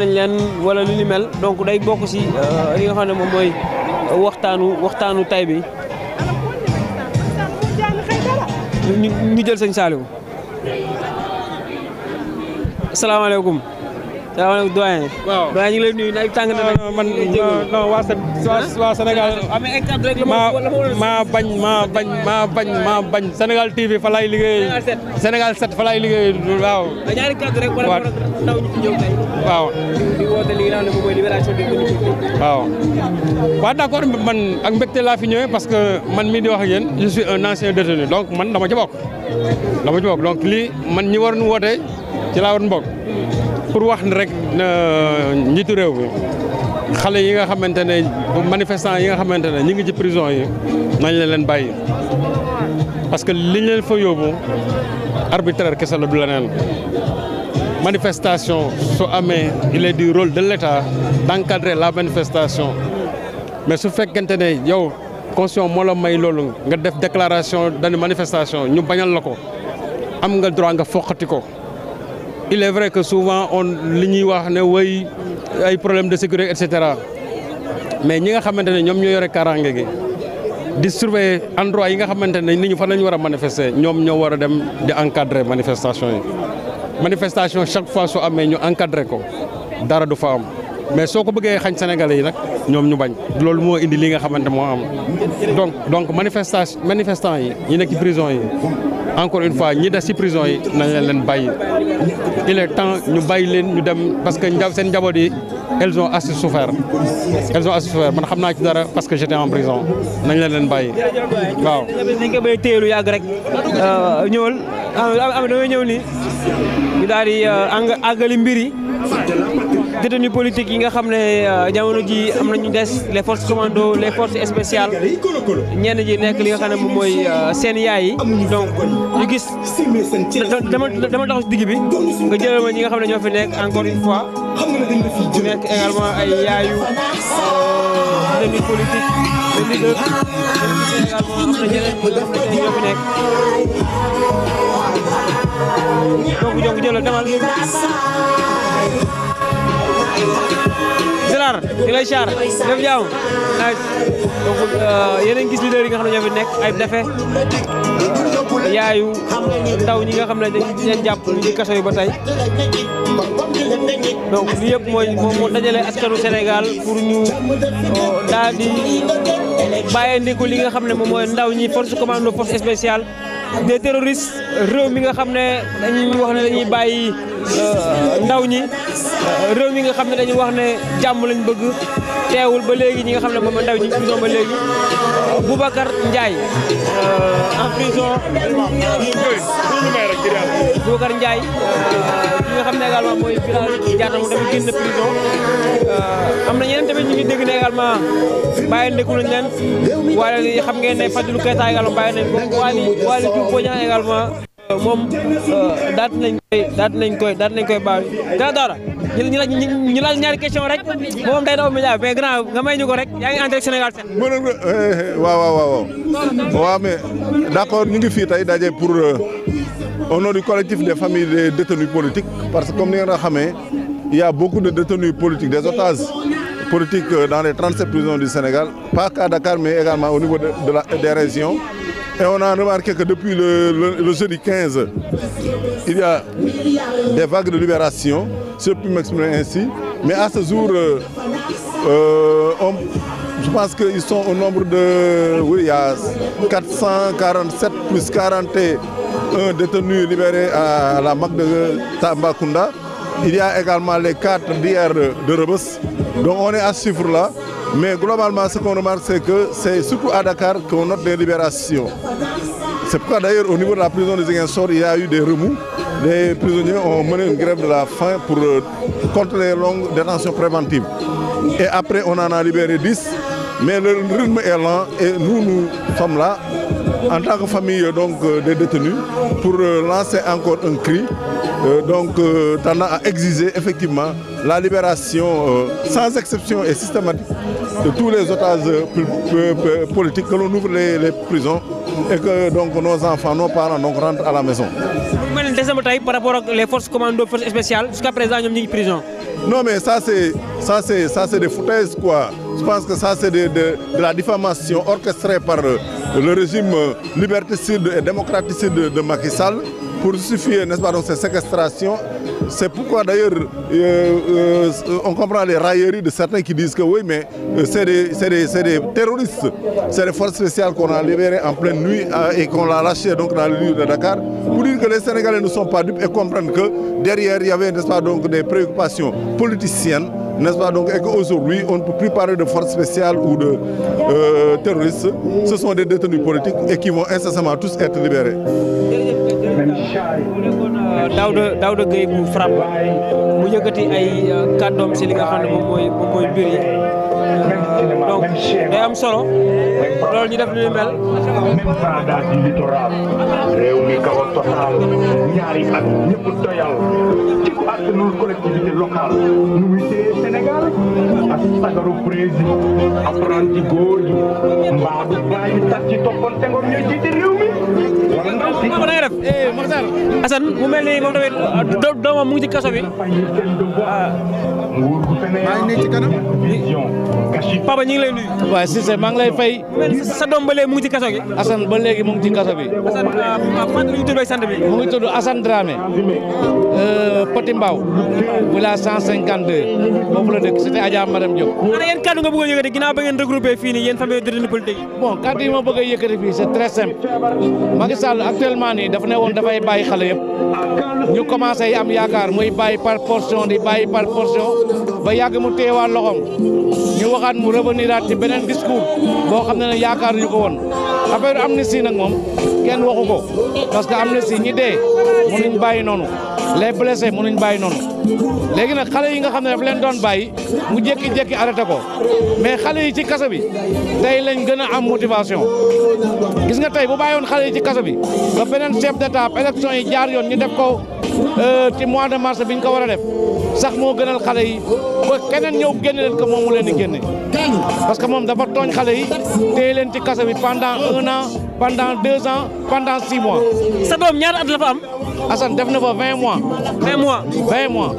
nañ leen wala lu donc day bokk ci euh, li xam ne moom mooy waxtaanu waxtaanu tay bi ñu jël sëñ Saliou asalaamaaleykum salaamaaleykum doyen. waaw doyen ñu ngi lay nuyu tàng na nag. man non waa Sén waa Sénégal. Ah, ah, maa bañ maa bañ maa bañ maa bañ Sénégal TV fa laay liggéey. Sénégal 7 fa laay liggéey waaw. Ah, ñaari kàddu rek war a ndaw ñu fi ñëw tey. waaw. di woote li nga xam ne moom mooy libération des collectivités. waaw. waaw d' accord man ak mbégte laa fi ñëwee parce que man mii di wax ak yéen je suis un ancien détenu donc man dama ci bokk. dama ci bokk donc lii man ñi waroon woote. ci laa mbokk pour wax ni rek njiitu réew bi xale yi nga xamante ne manifestant yi nga xamante ne ñu ngi ci prison yi nañ la leen bàyyi parce que liñ leen fa yóbbu arbitraire kese la du leneen manifestation su amee il est du rôle de l'État d'encadrer la manifestation mais su fekkente ne yow constitution moo la may loolu nga def déclaration dañu manifestation ñu bañal la ko am nga droit nga foqati ko il est vrai que souvent on li ñuy wax ne way ay problème de sécurité et cetera mais ñi nga xamante ne ñoom ñoo yore kaaraange gi di surveiller endroit yi nga xamante ne nit ñi fan la ñu war a manifester ñoom ñoo war a dem di encadrer manifestation yi manifestation chaque fois su amee ñu encadrer ko dara du fa am. mais soo ko bëggee xañ Sénégalais yi nag ñoom ñu bañ loolu moo indi li nga xamante moo am donc donc manifestation manifestant yi ñu nekk ci prison yi encore une fois ñi des ci prison yi na leen leen bàyyi il est temps ñu bàyyi leen ñu dem parce que seen njaboot di elles ont assez souffert elles ont assez souffert man xam naa ci dara parce que j'étais en prison nañ leen leen bàyyi waaw. dañ ko bay téelu yàgg rek euh, ah, ah, ñëw ni ñu daal di euh, yi détenus politiques yi nga xam ne euh, jamono ji am ñu des les forces commando les forces spéciales ñenn ji nekk li nga xam ne moom mooy euh, seen yaay yi donc ñu gis dama dama taxaw si digg bi nga jëlal ma ñi nga xam ne ñoo fi nekk encore une fois ñu nekk également donc donc jëlal demal Zilaar di lay char def jaamu gis leader yi nga xam ne ñoo fi nekk ay defe yaayu ndaw ñi nga xam ne dañ leen jàpp ñu ngi kaso ba tey donc li yëpp mooy moom moo dajale askanu senegal pour ñu euh, daal di bàyyee ndiku li nga xam ne moom mooy ndaw ñi force commando force spéciale des terroristes réew mi nga xam ne dañuy wax ne dañuy bàyyi euh, ndaw ñi euh, réew mi nga xam ne dañuy wax ne jàmm lañ bëgg teewul ba léegi ñi nga xam ne moom ndaw ñu ngi prison ba léegi Boubacar Ndiaye euh, en prison Boubacar Ndiaye euh, ki nga xam ne également mooy village Diatta moom tamit génn prison euh, am na ñeneen tamit ñu ngi dégg ne également bàyyi ndekku nañ leen waaye xam ngeen ne Fadilou Keita également bàyyi nañ ko Waly Waly Diouf Bodian également moom euh, daat nañ koy daat nañ koy daat nañ koy baax dara dara ñu la ñu laaj ñaari question rek moom day daw média mais grand nga may ñu ko rek yaa ngi entré Sénégal set mënoon nga eh, waaw waaw waaw waaw mais d'accord ñu ngi fii tey daje pour euh, au nom du collectif des famille des détenus politiques parce que comme ni nga xamee il y a beaucoup de détenus politique euh, dans les 37 prisons du Sénégal, pas qu'à Dakar, mais également au niveau de, de la, des il y a des vagues de Mais à ce jour, euh, euh, on, je nombre de oui, il y a 447 plus 41 détenus libérés la MAC Il y a également les quatre d'hier de Rebus. Donc on est à suivre là. Mais globalement, ce remarque, c'est que c'est surtout à Dakar qu'on note des libérations. C'est pourquoi d'ailleurs, au niveau de la prison de Ziguinchor, il y a eu des remous. Les prisonniers ont mené une grève de la faim pour euh, contre les longues détentions préventives. Et après, on en a libéré 10. Mais le rythme est lent et en tant donc, euh, des pour euh, encore un cri Euh, donc euh, tendant à exiger effectivement la libération euh, sans exception et systématique de tous les otages politiques, que l'on ouvre les, les, prisons et que donc nos enfants, nos parents donc rentrent à la maison. par rapport aux forces commando, forces spéciales, jusqu'à présent, ils sont en prison. Non mais ça c'est des foutaises quoi. Je pense que ça c'est de, de, de, la diffamation orchestrée par le régime liberticide et démocraticide de, de Macky Sall. pour suffier, n'est-ce pas, donc ces séquestrations. C'est pourquoi d'ailleurs euh, euh, on comprend les railleries de certains qui disent que oui, mais euh, c'est des, terroristes, c'est des forces spéciales qu'on a libérées en pleine nuit euh, et qu'on l'a lâché donc, dans le de Dakar, pour dire que les Sénégalais ne sont pas dupes et que derrière on ne peut plus de forces spéciales ou de euh, terroristes. Ce sont des détenus politiques et qui vont incessamment tous être mu nekkoon Daouda Daouda Gueye bu FRAPP mu ay euh, kàddoom si li nga xam ne moom mooy moom mooy euh, am solo loolu ñu def lu mel. même Fada di littoral réew mi kaw a total ñaari at ñëpp doyal ci ko àttanul collectivité locale nu muy téye Sénégal sagaru président apprenti góor yi mbaa du bàyyi tat ci toppoon tengoom ñooy jiite réew mi. ko na nga def Assane mu mel ni moom tamit ah, doomam mu ci kaso bi maa ngi nekk ci kanam papa ñu ngi lay nuyu waaw Cissé maa ngi lay fay sa doom ba léegi mu ci kaso gi Assane ba léegi mu ngi ci kaso bi Assane ah, fan la ñu tudd ak sant bi mu ngi tudd Assane Dramé euh, Petit Mbao village 152 foofu la dëkk cité Adja Maram Diop ana yéen kàddu nga bëgg a yëkkati ginnaaw ba ngeen regroupé fii nii yéen famille de politique bon kàddu yi ma bëgg a fii c'est très Sall actuellement nii dafa ne woon dafay bàyyi xale yëpp ñu commencé yi am yaakaar muy bàyyi par portion di bàyyi par portion ba yàgg mu téyewaat loxoom ñu waxaat mu reveniraat ci beneen discours boo xam ne ne yaakaar ñu ko woon am affaire amnistie nag moom kenn waxu ko parce que amnistie ñi dee mënuñ bàyyi noonu les blessés mënuñ bàyyi noonu léegi nag xale yi nga xam ne daf leen doon bàyyi mu jékki-jékki arrêté ko mais xale yi ci kaso bi tey lañ gën a am motivation gis nga tey bu bàyyoon xale yi ci kaso bi ba beneen chef d'état élection yi jaar yoon ñu def ko euh, ci mois de mars bi ñu ko war a def sax moo gënal xale yi ba keneen ñëw génne leen ko moom di génne parce que moom dafa tooñ xale yi téye leen ci kaso bi pendant un an pendant deux ans pendant six mois. sa doom ñaar at la fa am. Assane def na fa 20 mois. 20 mois 20 mois.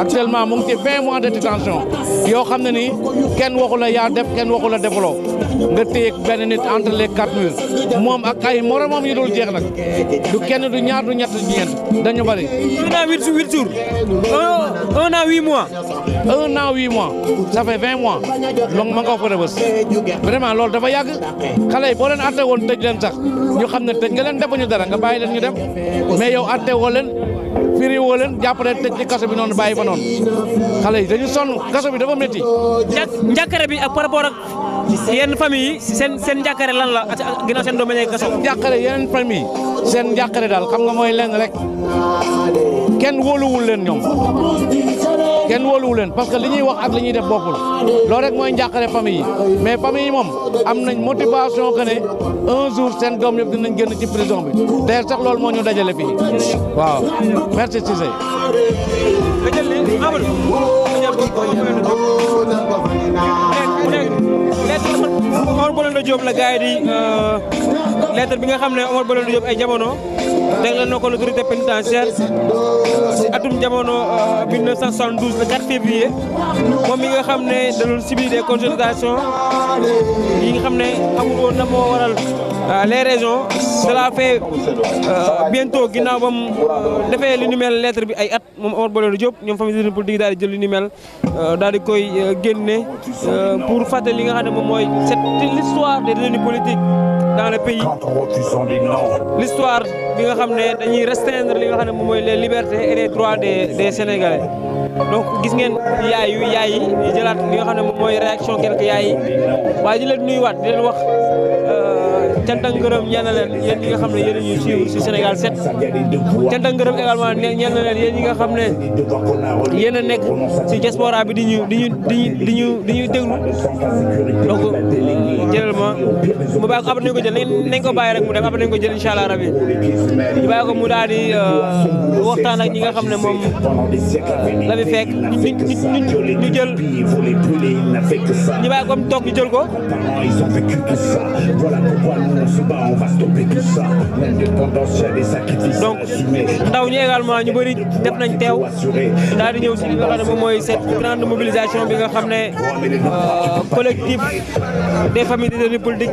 actuellement mu ngi ci de détention yoo xam ne ni kenn waxu la yaa def kenn waxu la nga téye benn nit entre les quatre moom ak ay moromam dul jeex nag du kenn du ñaar du ñett ñeent dañu bari. un an huit huit jours mois. un an mois ça fait mois ma nga ko fa rëbës loolu dafa yàgg xale boo leen àtte woon tëj leen sax ñu xam ne tëj nga leen defuñu dara nga bàyyi leen ñu dem yow atte woo leen firi woo leen jàppale tëj ci kaso bi noonu bàyyi fa noonu xale dañu sonn kaso bi dafa métti. njàkkare bi ak par rapport ak yenn famille yi seen seen njàkkare lan la ginnaaw seen doom yi kaso. njàkkare yeneen famille seen njàkkare daal xam nga mooy lenn rek kenn wóoluwul leen ñoom. kenn wóoluwu leen parce que li ñuy wax ak li ñuy def bokkul loolu rek mooy njàqare famille yi mais famille yi moom am nañ motivation que ne un jour seen doom yëpp dinañ génn ci prison bi d'ailleurs sax moo ñu dajale fii waaw merci Cissé. Maodo Mballo Diop la gars di. lettre bi nga xam ne Omar Blondin Diop ay jamono teglal na ko l'autorité pénitentiaire si atum jamono 1972 euh, le 4 février moom bi nga xam ne da doon subir des consultations nga xam ne amul woon na waral euh, les raisons cela fait euh, bientôt ginnaaw ba mu defee li ni mel lettre bi ay at moom Omar Blondin Diop ñoom famille de politique daal di jël li ni mel daal di koy génne pour fàttali li nga xam ne moom mooy c'est l'histoire des détenus politiques dans le pays l'histoire bi nga xam ne dañuy restreindre li nga xam ne moom mooy les libertés et les droits des des sénégalais donc gis ngeen yaay yu yaay yi jëlaat li nga xam ne moom mooy réaction quelque yaay yi waaye di leen nuyuwaat di leen wax. cant ak ngërëm ñeel na leen yéen ñi nga xam ne yéen ñuy suivre si Sénégal 7 cant a nekk si diaspora bi di ñu di ñu di ñu di ñuy déglu donc euh, jëlal ma mu bàyyi ko après nañ ko jël nañ ko bàyyi rek mu dem après nañ ko jël incha allah rabi ñu bàyyi ko mu daal di euh, waxtaan ak ñi nga xam ne moom euh, la fi fekk ñu ñu jël ñu bàyyi ko mu toog jël ko. même suba on va stopper tout ça même de tendance à des sacrifices donc ndaw ñi également ñu bëri def nañ teew daal di ñëw si li nga xam ne mooy cette grande mobilisation bi nga xam ne euh, collectif des familles de détenus politiques